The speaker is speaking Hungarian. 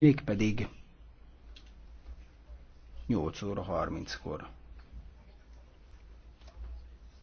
mégpedig 8 óra 30-kor.